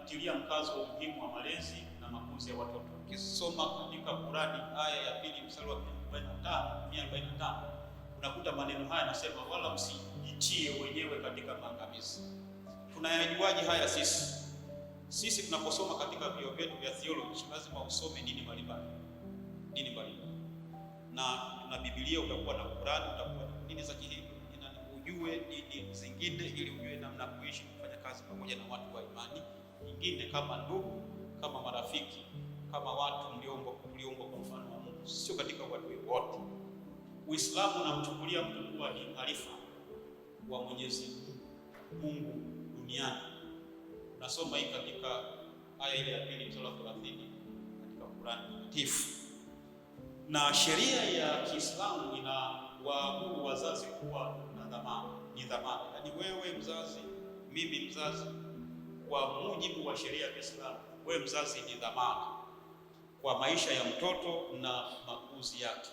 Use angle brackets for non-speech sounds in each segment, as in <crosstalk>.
kutilia mkazo wa umuhimu wa malezi na makuzi ya watoto. Ukisoma katika Qurani aya ya pili mstari wa 145 unakuta maneno haya yanasema, wala msijitie wenyewe katika maangamizi. Tunayajuaje haya sisi? Sisi tunaposoma katika vio vyetu vya theology lazima usome dini mbalimbali, dini mbalimbali, na na Biblia utakuwa na Qurani, utakuwa na dini za Kihindi yaani ujue dini zingine, ili ujue namna kuishi, kufanya kazi pamoja na watu wa imani wengine kama ndugu, kama marafiki, kama watu mlioumbwa kwa mfano wa Mungu, sio katika watu wote. Uislamu unamchukulia mtu kuwa ni khalifa wa Mwenyezi Mungu duniani. unasoma hii katika aya ile ya pili sura 30 katika Qur'an Takatifu, na sheria ya Kiislamu ina waamuru wazazi kuwa na dhamana, ni dhamana, yaani wewe mzazi, mimi mzazi kwa mujibu wa sheria ya Kiislamu, wewe mzazi ni dhamana kwa maisha ya mtoto na makuzi yake.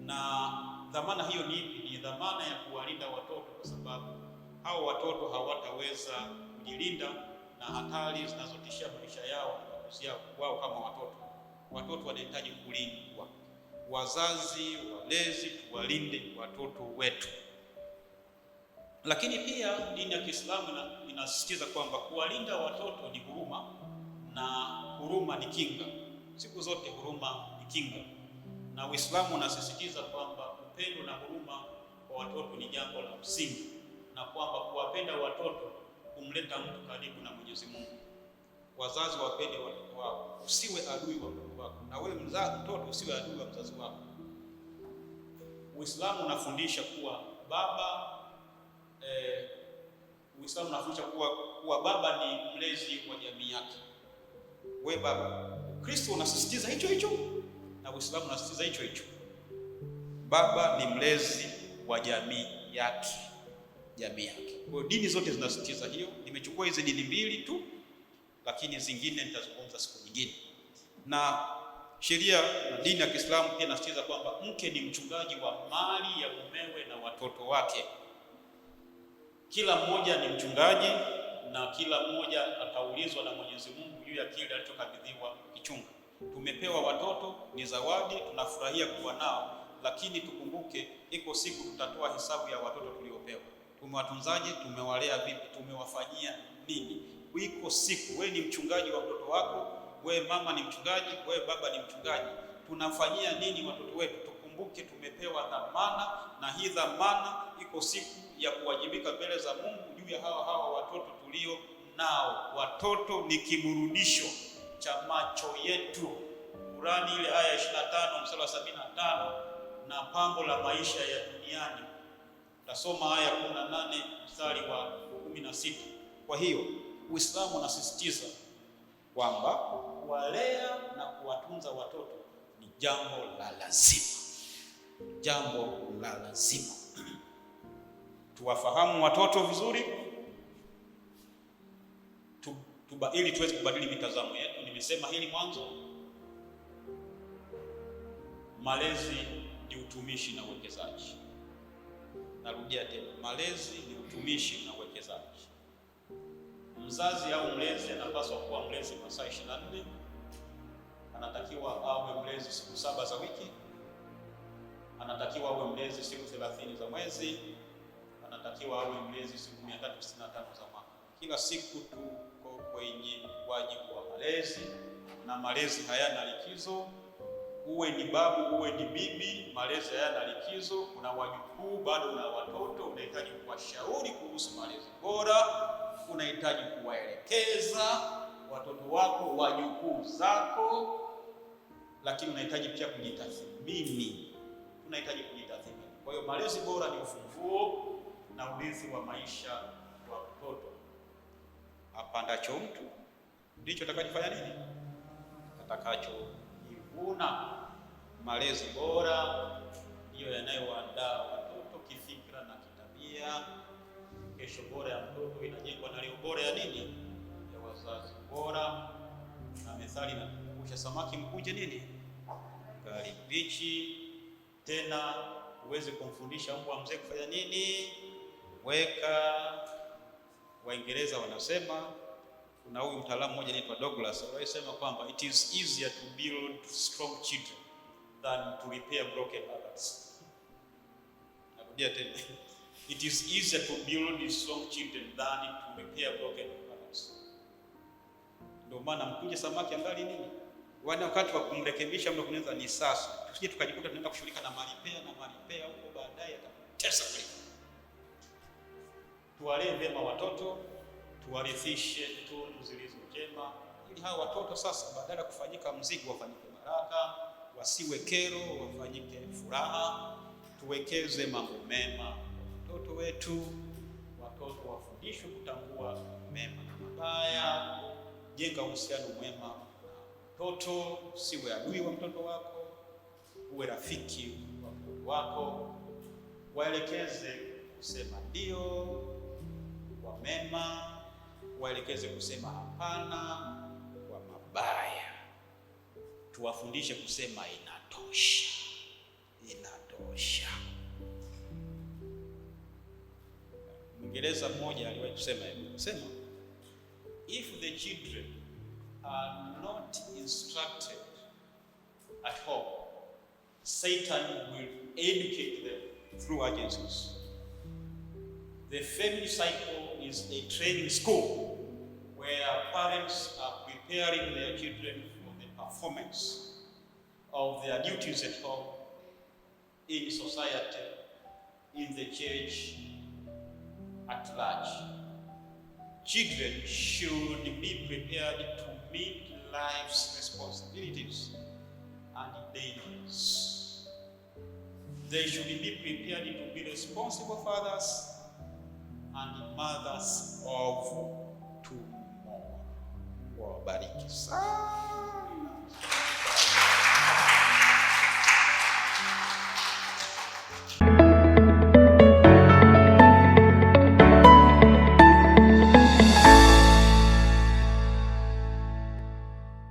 Na dhamana hiyo ni ipi? Ni dhamana ya kuwalinda watoto, kwa sababu hao watoto hawataweza kujilinda na hatari zinazotishia maisha yao na makuzi yao. Wao kama watoto, watoto wanahitaji kulindwa. Wazazi walezi, tuwalinde watoto wetu. Lakini pia dini ya Kiislamu inasisitiza kwamba kuwalinda watoto ni huruma na huruma ni kinga. Siku zote huruma ni kinga, na Uislamu unasisitiza kwamba upendo na huruma kwa watoto ni jambo la msingi, na kwamba kuwapenda watoto kumleta mtu karibu na Mwenyezi Mungu. Wazazi wapende watoto wao, usiwe adui wa mtoto wako, na wewe mzazi, mtoto usiwe adui wa mzazi wako. Uislamu unafundisha kuwa baba eh, Uislamu unafundisha kuwa, kuwa baba ni mlezi wa jamii yake. We baba, Kristo unasisitiza hicho hicho na Uislamu unasisitiza hicho hicho, baba ni mlezi wa jamii yake, jamii yake. Kwa hiyo dini zote zinasisitiza hiyo. Nimechukua hizi dini mbili tu, lakini zingine nitazungumza siku nyingine. Na sheria na dini ya Kiislamu pia inasisitiza kwamba mke ni mchungaji wa mali ya mumewe na watoto wake. Kila mmoja ni mchungaji na kila mmoja ataulizwa na Mwenyezi Mungu juu ya kile alichokabidhiwa kichunga. Tumepewa watoto, ni zawadi, tunafurahia kuwa nao, lakini tukumbuke, iko siku tutatoa hesabu ya watoto tuliopewa. Tumewatunzaje? Tumewalea vipi? Tumewafanyia nini? Iko siku wewe ni mchungaji wa mtoto wako, we mama ni mchungaji, wewe baba ni mchungaji, tunafanyia nini watoto wetu? Tukumbuke tumepewa dhamana, na hii dhamana iko siku ya kuwajibika mbele za Mungu juu ya hawa hawa watoto tulio nao. Watoto ni kiburudisho cha macho yetu, Kurani ile aya 25 mstari wa 75 na pambo la maisha ya duniani, Tutasoma aya 18 mstari wa 16. Kwa hiyo Uislamu unasisitiza kwamba kuwalea na kuwatunza watoto ni jambo la lazima, jambo la lazima tuwafahamu watoto vizuri tu, tuba, ili tuweze kubadili mitazamo yetu. Nimesema hili mwanzo, malezi ni utumishi na uwekezaji. Narudia tena, malezi ni utumishi na uwekezaji. Mzazi au mlezi anapaswa kuwa mlezi masaa 24. Anatakiwa awe mlezi siku saba za wiki, anatakiwa awe mlezi siku 30 za mwezi anatakiwa awe mlezi siku 365 za mwaka. Kila siku tuko kwenye wajibu wa malezi, na malezi hayana likizo. Uwe ni babu, uwe ni bibi, malezi hayana likizo. kuna wajukuu bado, na watoto, unahitaji kuwashauri kuhusu malezi bora, unahitaji kuwaelekeza watoto wako, wajukuu zako, lakini unahitaji pia kujitathmini, unahitaji kujitathmini. Kwa hiyo malezi bora ni ufunguo na ulinzi wa maisha wa mtoto. Apandacho mtu ndicho atakachofanya nini? Atakachojivuna. Malezi bora ndiyo yanayoandaa watoto kifikra na kitabia. Kesho bora ya mtoto inajengwa na leo bora ya nini? Ya wazazi bora. Na methali inatukumbusha samaki mkunje nini? gari bichi Tena huwezi kumfundisha mbwa mzee kufanya nini? kuweka. Waingereza wanasema, kuna huyu mtaalamu mmoja anaitwa Douglas anayesema kwamba it is easier to build strong children than to repair broken hearts. Narudia tena. <laughs> It is easier to build strong children than to repair broken hearts. Ndio maana mkunje samaki angali nini? Wana yaani wakati wa kumrekebisha mtu kunaweza ni sasa. Tusije tukajikuta tunaenda kushughulika na maripea na maripea huko baadaye atatesa tuwalee vyema watoto, tuwarithishe tunu zilizo njema, ili hao watoto sasa badala ya kufanyika mzigo wafanyike baraka, wasiwe kero, wafanyike furaha. Tuwekeze mambo mema watoto wetu, watoto wafundishwe kutambua mema na mabaya. Jenga uhusiano mwema na mtoto, siwe adui wa mtoto wako, uwe rafiki wa mtoto wako, waelekeze kusema ndio mema, waelekeze kusema hapana kwa mabaya, tuwafundishe kusema inatosha, inatosha. Mwingereza mmoja aliwahi kusema hivi, kusema if the children are not instructed at home Satan will educate them through agencies. The family cycle is a training school where parents are preparing their children for the performance of their duties at home, in society, in the church at large. Children should be prepared to meet life's responsibilities and dangers. They should be prepared to be responsible fathers and mothers of tomorrow. Wabariki sana.